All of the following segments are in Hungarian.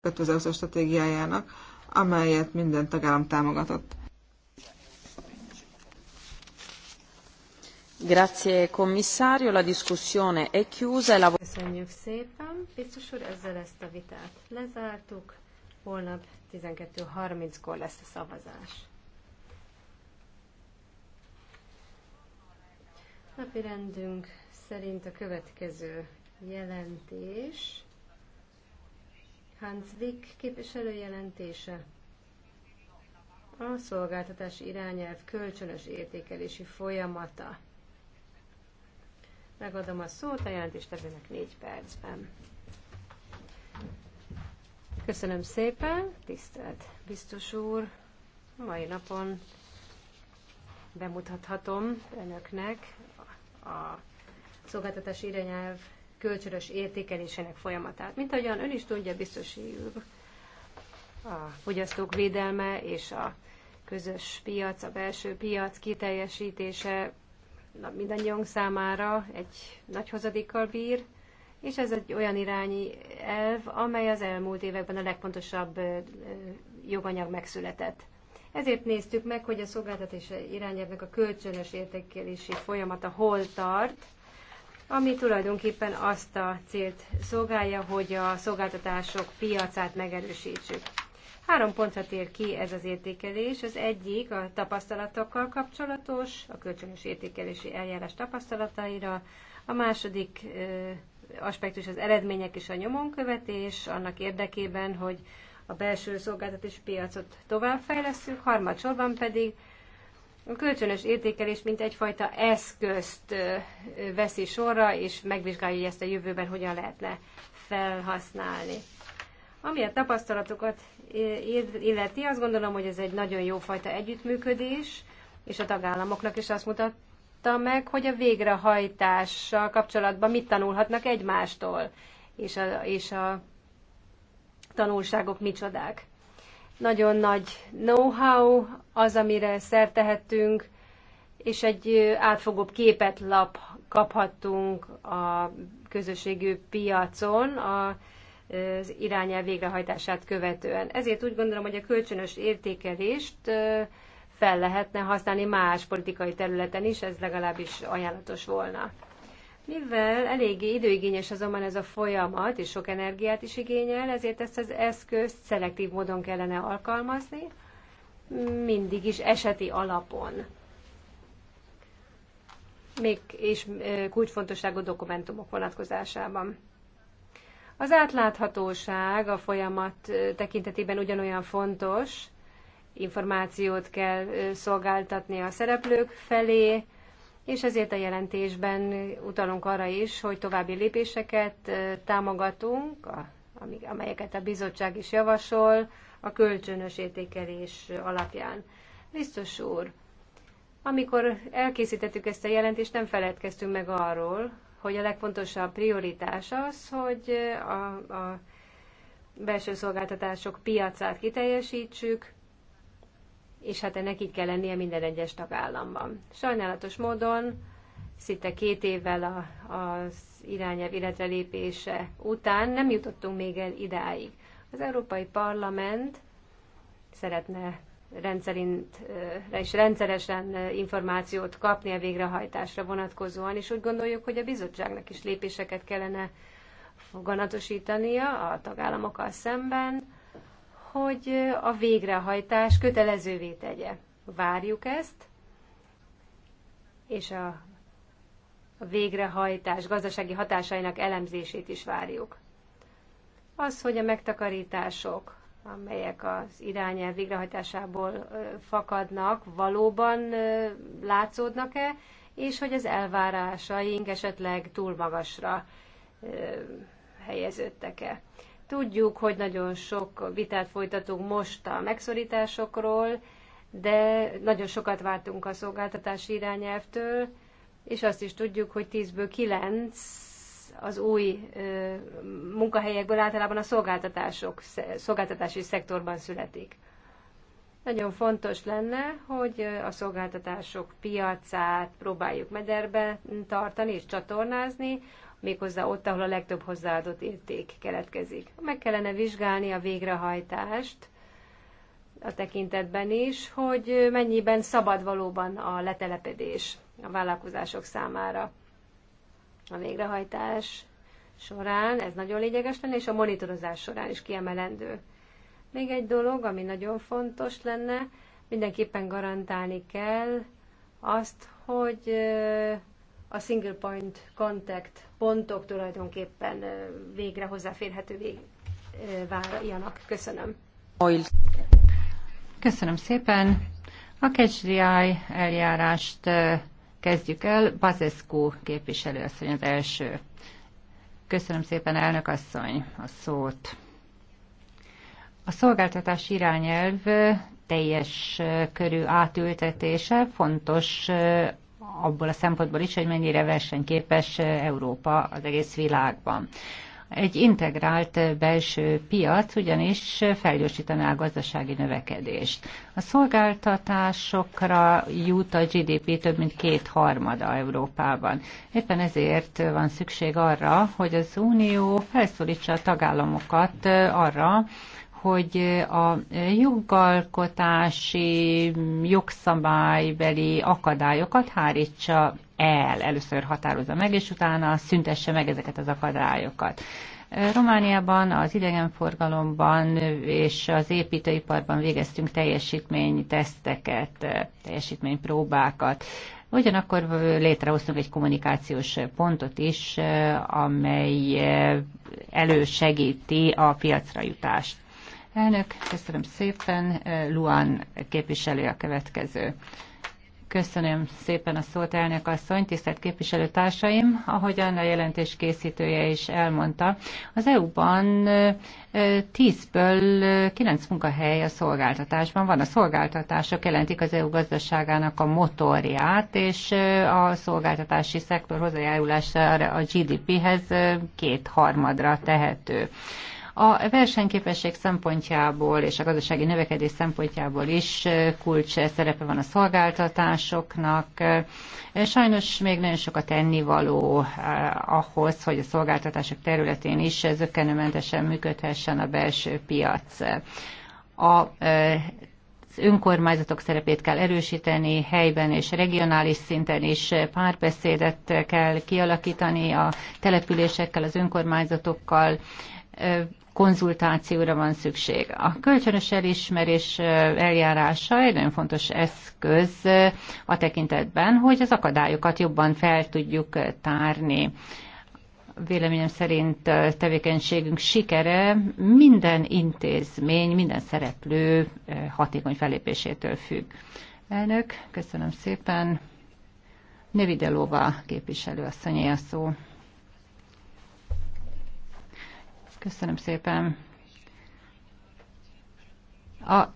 2020 stratégiájának, amelyet minden tagállam támogatott. Grazie commissario, la discussione è chiusa e la Köszönjük szépen, biztos úr, ezzel ezt a vitát lezártuk. Holnap 12.30-kor lesz a szavazás. Napirendünk szerint a következő jelentés Hans Wick képviselő jelentése. A szolgáltatás irányelv kölcsönös értékelési folyamata. Megadom a szót a jelentéstevőnek négy percben. Köszönöm szépen, tisztelt biztos úr! Mai napon bemutathatom önöknek a szolgáltatási irányelv kölcsönös értékelésének folyamatát. Mint ahogyan ön is tudja, biztos úr, a fogyasztók védelme és a közös piac, a belső piac kiteljesítése mindannyiunk számára egy nagy hozadékkal bír, és ez egy olyan irányi elv, amely az elmúlt években a legfontosabb joganyag megszületett. Ezért néztük meg, hogy a szolgáltatás irányelvnek a kölcsönös értékelési folyamata hol tart, ami tulajdonképpen azt a célt szolgálja, hogy a szolgáltatások piacát megerősítsük. Három pontra tér ki ez az értékelés. Az egyik a tapasztalatokkal kapcsolatos, a kölcsönös értékelési eljárás tapasztalataira, a második aspektus az eredmények és a nyomonkövetés, annak érdekében, hogy a belső szolgáltatási piacot továbbfejlesztjük, harmadsorban pedig a kölcsönös értékelés mint egyfajta eszközt veszi sorra, és megvizsgálja, hogy ezt a jövőben hogyan lehetne felhasználni. Ami a tapasztalatokat illeti, azt gondolom, hogy ez egy nagyon jó fajta együttműködés, és a tagállamoknak is azt mutatta meg, hogy a végrehajtással kapcsolatban mit tanulhatnak egymástól, és a, és a tanulságok micsodák. Nagyon nagy know-how az, amire szertehettünk, és egy átfogóbb képet lap kaphattunk a közösségű piacon az irányel végrehajtását követően. Ezért úgy gondolom, hogy a kölcsönös értékelést fel lehetne használni más politikai területen is, ez legalábbis ajánlatos volna. Mivel eléggé időigényes azonban ez a folyamat, és sok energiát is igényel, ezért ezt az eszközt szelektív módon kellene alkalmazni, mindig is eseti alapon. Még és kulcsfontosságú dokumentumok vonatkozásában. Az átláthatóság a folyamat tekintetében ugyanolyan fontos, információt kell szolgáltatni a szereplők felé, és ezért a jelentésben utalunk arra is, hogy további lépéseket támogatunk, amelyeket a bizottság is javasol a kölcsönös értékelés alapján. Biztos úr, amikor elkészítettük ezt a jelentést, nem feledkeztünk meg arról, hogy a legfontosabb prioritás az, hogy a, a belső szolgáltatások piacát kiteljesítsük, és hát ennek így kell lennie minden egyes tagállamban. Sajnálatos módon szinte két évvel a, az irányelv illetve lépése után nem jutottunk még el idáig. Az Európai Parlament szeretne rendszerint és rendszeresen információt kapni a végrehajtásra vonatkozóan, és úgy gondoljuk, hogy a bizottságnak is lépéseket kellene foganatosítania a tagállamokkal szemben, hogy a végrehajtás kötelezővé tegye. Várjuk ezt, és a végrehajtás gazdasági hatásainak elemzését is várjuk. Az, hogy a megtakarítások, amelyek az irányelv végrehajtásából fakadnak, valóban látszódnak-e, és hogy az elvárásaink esetleg túl magasra helyeződtek-e. Tudjuk, hogy nagyon sok vitát folytatunk most a megszorításokról, de nagyon sokat vártunk a szolgáltatási irányelvtől, és azt is tudjuk, hogy 10-ből 9 az új ö, munkahelyekből általában a szolgáltatások, szolgáltatási szektorban születik. Nagyon fontos lenne, hogy a szolgáltatások piacát próbáljuk mederbe tartani és csatornázni, méghozzá ott, ahol a legtöbb hozzáadott érték keletkezik. Meg kellene vizsgálni a végrehajtást a tekintetben is, hogy mennyiben szabad valóban a letelepedés a vállalkozások számára a végrehajtás során, ez nagyon lényeges lenne, és a monitorozás során is kiemelendő. Még egy dolog, ami nagyon fontos lenne, mindenképpen garantálni kell azt, hogy a single point contact pontok tulajdonképpen végre hozzáférhetővé váljanak. Köszönöm. Köszönöm szépen. A KCDI eljárást kezdjük el. Bazescu képviselő asszony az első. Köszönöm szépen, elnök asszony, a szót. A szolgáltatás irányelv teljes körű átültetése fontos abból a szempontból is, hogy mennyire versenyképes Európa az egész világban. Egy integrált belső piac ugyanis felgyorsítaná a gazdasági növekedést. A szolgáltatásokra jut a GDP több mint kétharmada Európában. Éppen ezért van szükség arra, hogy az Unió felszólítsa a tagállamokat arra, hogy a jogalkotási, jogszabálybeli akadályokat hárítsa el, először határozza meg, és utána szüntesse meg ezeket az akadályokat. Romániában az idegenforgalomban és az építőiparban végeztünk teljesítményteszteket, teljesítménypróbákat. Ugyanakkor létrehoztunk egy kommunikációs pontot is, amely elősegíti a piacra jutást. Elnök, köszönöm szépen. Luan képviselő a következő. Köszönöm szépen a szót, elnök asszony, tisztelt képviselőtársaim. Ahogyan a jelentés készítője is elmondta, az EU-ban 10-ből 9 munkahely a szolgáltatásban van. A szolgáltatások jelentik az EU gazdaságának a motorját, és a szolgáltatási szektor hozzájárulása a GDP-hez kétharmadra tehető. A versenyképesség szempontjából és a gazdasági növekedés szempontjából is kulcs szerepe van a szolgáltatásoknak. Sajnos még nagyon sok a tennivaló ahhoz, hogy a szolgáltatások területén is zökkenőmentesen működhessen a belső piac. A önkormányzatok szerepét kell erősíteni, helyben és regionális szinten is párbeszédet kell kialakítani a településekkel, az önkormányzatokkal, konzultációra van szükség. A kölcsönös elismerés eljárása egy nagyon fontos eszköz a tekintetben, hogy az akadályokat jobban fel tudjuk tárni véleményem szerint tevékenységünk sikere minden intézmény, minden szereplő hatékony felépésétől függ. Elnök, köszönöm szépen. Nevidelova képviselő asszonyé a szó. Köszönöm szépen. A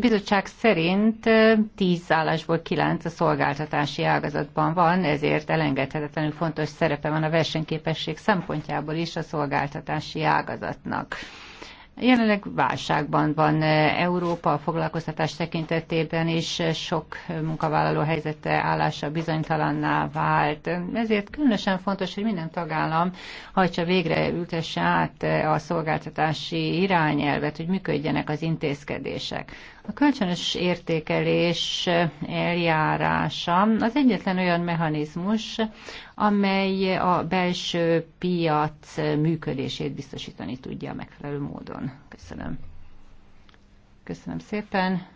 bizottság szerint 10 állásból 9 a szolgáltatási ágazatban van, ezért elengedhetetlenül fontos szerepe van a versenyképesség szempontjából is a szolgáltatási ágazatnak. Jelenleg válságban van eh, Európa a foglalkoztatás tekintetében is, eh, sok eh, munkavállaló helyzete állása bizonytalanná vált. Ezért különösen fontos, hogy minden tagállam hajtsa végre, ültesse át a szolgáltatási irányelvet, hogy működjenek az intézkedések. A kölcsönös értékelés eljárása az egyetlen olyan mechanizmus, amely a belső piac működését biztosítani tudja megfelelő módon. Köszönöm. Köszönöm szépen.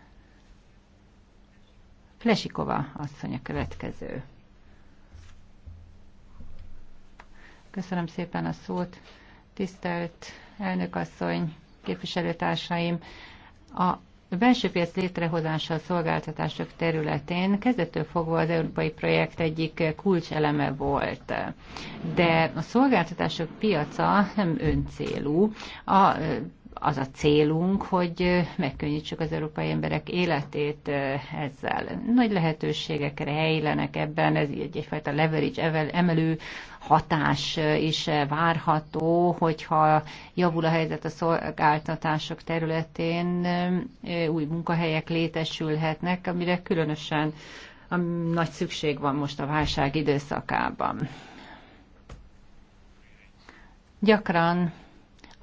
Flesikova asszony a következő. Köszönöm szépen a szót. Tisztelt elnökasszony, képviselőtársaim! A a belső piac létrehozása a szolgáltatások területén kezdettől fogva az európai projekt egyik kulcseleme volt. De a szolgáltatások piaca nem öncélú. A az a célunk, hogy megkönnyítsük az európai emberek életét ezzel. Nagy lehetőségek rejlenek ebben, ez egy, egyfajta leverage emelő hatás is várható, hogyha javul a helyzet a szolgáltatások területén, új munkahelyek létesülhetnek, amire különösen nagy szükség van most a válság időszakában. Gyakran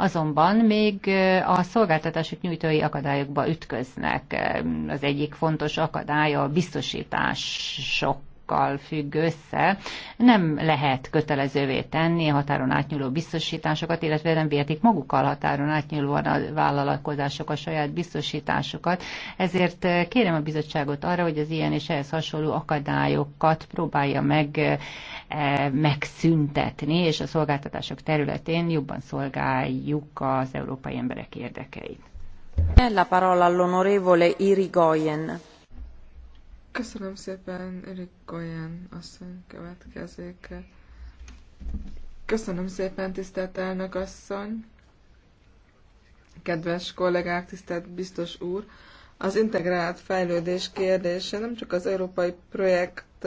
azonban még a szolgáltatások nyújtói akadályokba ütköznek. Az egyik fontos akadály a biztosítások kal függ össze. Nem lehet kötelezővé tenni a határon átnyúló biztosításokat, illetve nem vihetik magukkal határon átnyúlóan a vállalkozások a saját biztosításokat. Ezért eh, kérem a bizottságot arra, hogy az ilyen és ehhez hasonló akadályokat próbálja meg eh, megszüntetni, és a szolgáltatások területén jobban szolgáljuk az európai emberek érdekeit. La parola all'onorevole Irigoyen. Köszönöm szépen, Erik Goyen asszony következik. Köszönöm szépen, tisztelt elnök asszony. Kedves kollégák, tisztelt biztos úr. Az integrált fejlődés kérdése nem csak az európai projekt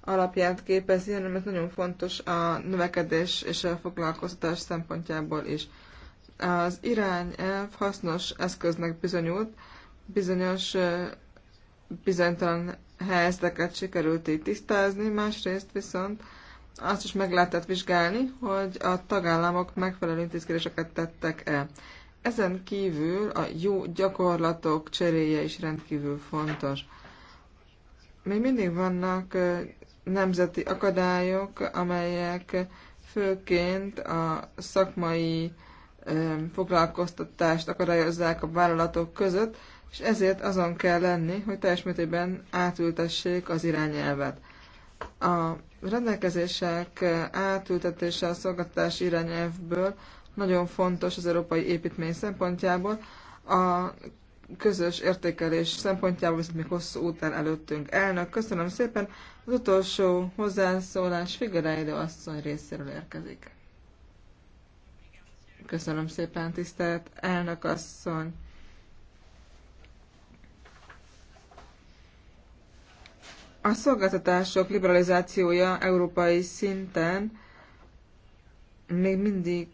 alapját képezi, hanem ez nagyon fontos a növekedés és a foglalkoztatás szempontjából is. Az irányelv hasznos eszköznek bizonyult, bizonyos bizonytalan helyzeteket sikerült így tisztázni, másrészt viszont azt is meg lehetett vizsgálni, hogy a tagállamok megfelelő intézkedéseket tettek el. Ezen kívül a jó gyakorlatok cseréje is rendkívül fontos. Még mindig vannak nemzeti akadályok, amelyek főként a szakmai foglalkoztatást akadályozzák a vállalatok között, és ezért azon kell lenni, hogy teljes mértékben átültessék az irányelvet. A rendelkezések átültetése a szolgáltatás irányelvből nagyon fontos az európai építmény szempontjából, a közös értékelés szempontjából viszont még hosszú út előttünk. Elnök, köszönöm szépen. Az utolsó hozzászólás Figueiredo asszony részéről érkezik. Köszönöm szépen, tisztelt elnök asszony. A szolgáltatások liberalizációja európai szinten még mindig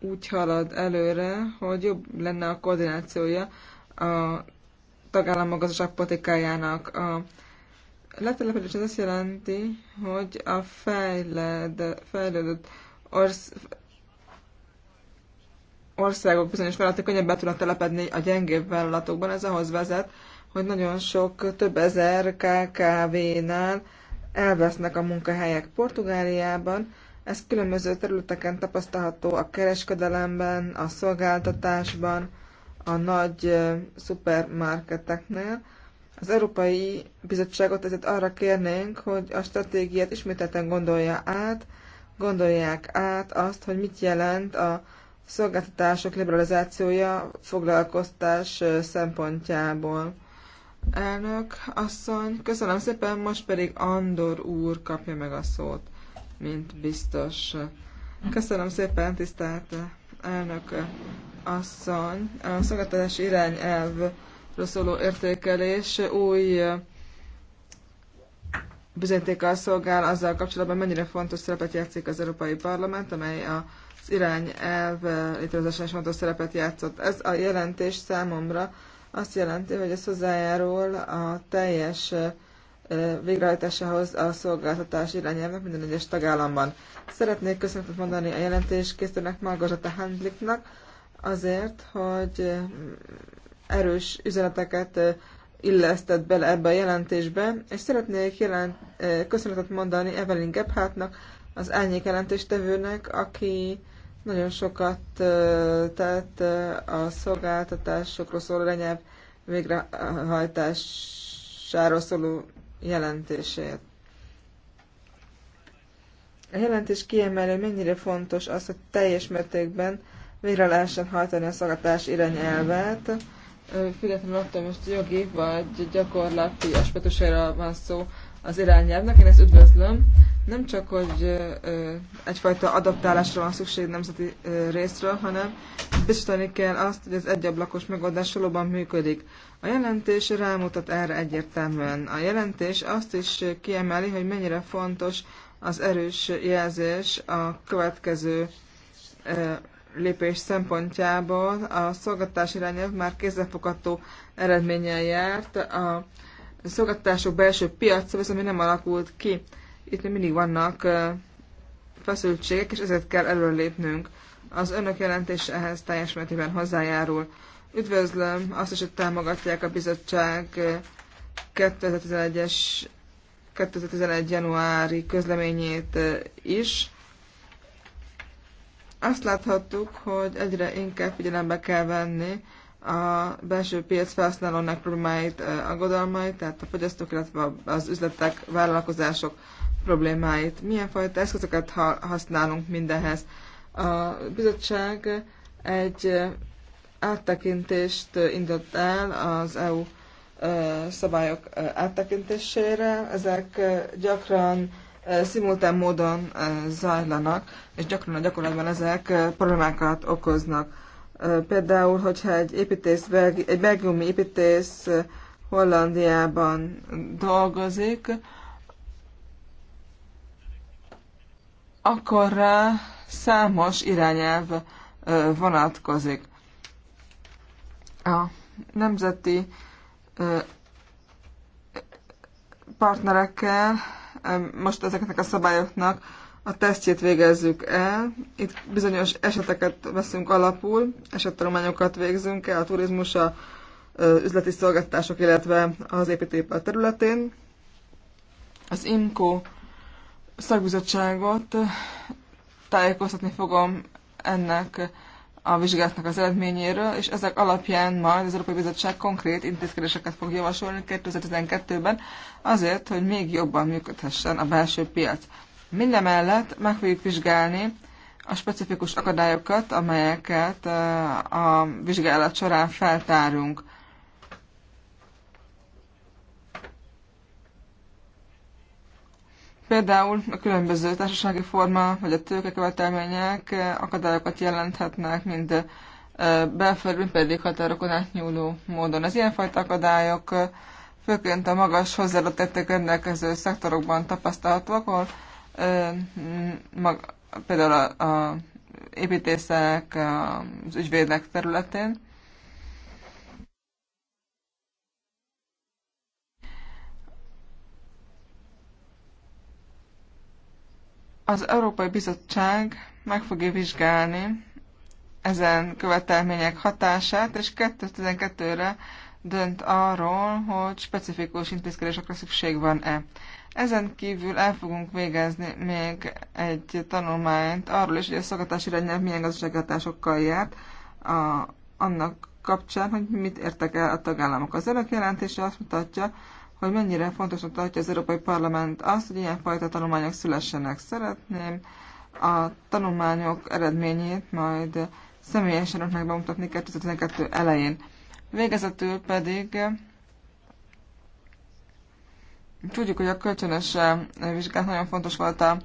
úgy halad előre, hogy jobb lenne a koordinációja a tagállamok gazdaságpolitikájának. A letelepedés az azt jelenti, hogy a fejled, fejlődött orsz, országok bizonyos vállalatok könnyebben tudnak telepedni a gyengébb vállalatokban. Ez ahhoz vezet, hogy nagyon sok több ezer KKV-nál elvesznek a munkahelyek Portugáliában. Ez különböző területeken tapasztalható a kereskedelemben, a szolgáltatásban, a nagy szupermarketeknél. Az Európai Bizottságot ezért arra kérnénk, hogy a stratégiát ismételten gondolja át, gondolják át azt, hogy mit jelent a szolgáltatások liberalizációja foglalkoztás szempontjából. Elnök asszony, köszönöm szépen, most pedig Andor úr kapja meg a szót, mint biztos. Köszönöm szépen, tisztelt elnök asszony. A szolgáltatás irányelvről szóló értékelés új bizonyítékkal szolgál azzal kapcsolatban, mennyire fontos szerepet játszik az Európai Parlament, amely a irányelv létrehozásán fontos szerepet játszott. Ez a jelentés számomra azt jelenti, hogy ez hozzájárul a teljes végrehajtásához a szolgáltatás irányelvnek minden egyes tagállamban. Szeretnék köszönetet mondani a jelentés készítőnek Margarita Handliknak azért, hogy erős üzeneteket illesztett bele ebbe a jelentésbe, és szeretnék jelent, köszönetet mondani Evelyn Gebhardtnak, az elnyék jelentéstevőnek, aki nagyon sokat tett a szolgáltatásokról szóló lenyelv végrehajtásáról szóló jelentését. A jelentés kiemelő, mennyire fontos az, hogy teljes mértékben végre lehessen hajtani a szolgáltatás irányelvet, függetlenül attól most jogi vagy gyakorlati aspektusára van szó az irányelvnek. Én ezt üdvözlöm, nem csak, hogy egyfajta adaptálásra van szükség nemzeti részről, hanem biztosítani kell azt, hogy az egyablakos megoldás valóban működik. A jelentés rámutat erre egyértelműen. A jelentés azt is kiemeli, hogy mennyire fontos az erős jelzés a következő lépés szempontjából. A szolgáltatás irányelv már kézzelfogható eredménnyel járt. A szolgáltatások belső piaca viszont mi nem alakult ki itt még mindig vannak feszültségek, és ezért kell előlépnünk. Az önök jelentése ehhez teljes mértékben hozzájárul. Üdvözlöm azt is, hogy támogatják a bizottság 2011-es 2011. januári közleményét is. Azt láthattuk, hogy egyre inkább figyelembe kell venni a belső piac felhasználónak problémáit, aggodalmait, tehát a fogyasztók, illetve az üzletek, vállalkozások problémáit. Milyen fajta eszközöket használunk mindehez? A bizottság egy áttekintést indott el az EU szabályok áttekintésére. Ezek gyakran szimultán módon zajlanak, és gyakran a gyakorlatban ezek problémákat okoznak. Például, hogyha egy építész, egy belgiumi építész Hollandiában dolgozik, akkorra számos irányelv vonatkozik. A nemzeti partnerekkel most ezeknek a szabályoknak a tesztjét végezzük el. Itt bizonyos eseteket veszünk alapul, esettanulmányokat végzünk el a turizmus, a üzleti szolgáltatások, illetve az építőipar területén. Az IMCO szakbizottságot eh, tájékoztatni fogom ennek a vizsgálatnak az eredményéről, és ezek alapján majd az Európai Bizottság konkrét intézkedéseket fog javasolni 2012-ben azért, hogy még jobban működhessen a belső piac. Mindemellett meg fogjuk vizsgálni a specifikus akadályokat, amelyeket eh, a vizsgálat során feltárunk. Például a különböző társasági forma vagy a tőkekövetelmények akadályokat jelenthetnek, mind belföldi, pedig határokon átnyúló módon. Az ilyenfajta akadályok főként a magas hozzáadott érték rendelkező szektorokban tapasztalhatóak, ahol például a, a építészek, az ügyvédek területén. Az Európai Bizottság meg fogja vizsgálni ezen követelmények hatását, és 2012-re dönt arról, hogy specifikus intézkedésekre szükség van-e. Ezen kívül el fogunk végezni még egy tanulmányt arról is, hogy a szolgatás irányelv milyen gazdasági hatásokkal járt, a, annak kapcsán, hogy mit értek el a tagállamok. Az önök jelentése azt mutatja, hogy mennyire fontosnak tartja az Európai Parlament azt, hogy ilyenfajta tanulmányok szülessenek. Szeretném a tanulmányok eredményét majd személyesen önnek bemutatni 2012 elején. Végezetül pedig tudjuk, hogy a kölcsönös vizsgát nagyon fontos volt a,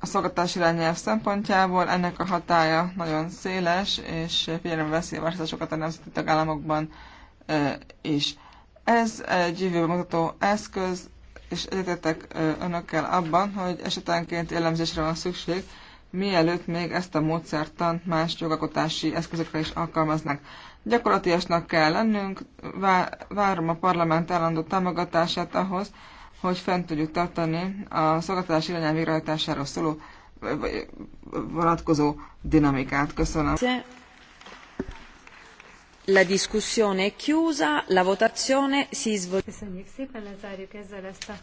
a szolgatás irányelv szempontjából. Ennek a hatája nagyon széles, és figyelembe veszi a a nemzeti tagállamokban is. Ez egy jövőbe eszköz, és egyetetek önökkel abban, hogy esetenként jellemzésre van szükség, mielőtt még ezt a módszertant más jogalkotási eszközökre is alkalmaznak. Gyakorlatiasnak kell lennünk, várom a parlament állandó támogatását ahhoz, hogy fent tudjuk tartani a szolgáltatás irányán végrehajtásáról szóló vonatkozó dinamikát. Köszönöm. La discussione è chiusa, la votazione si svolge. Köszönjük szépen, lezárjuk ezzel ezt a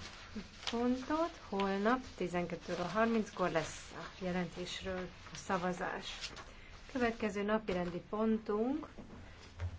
pontot. Holnap 12.30-kor lesz a jelentésről a szavazás. Következő napi rendi pontunk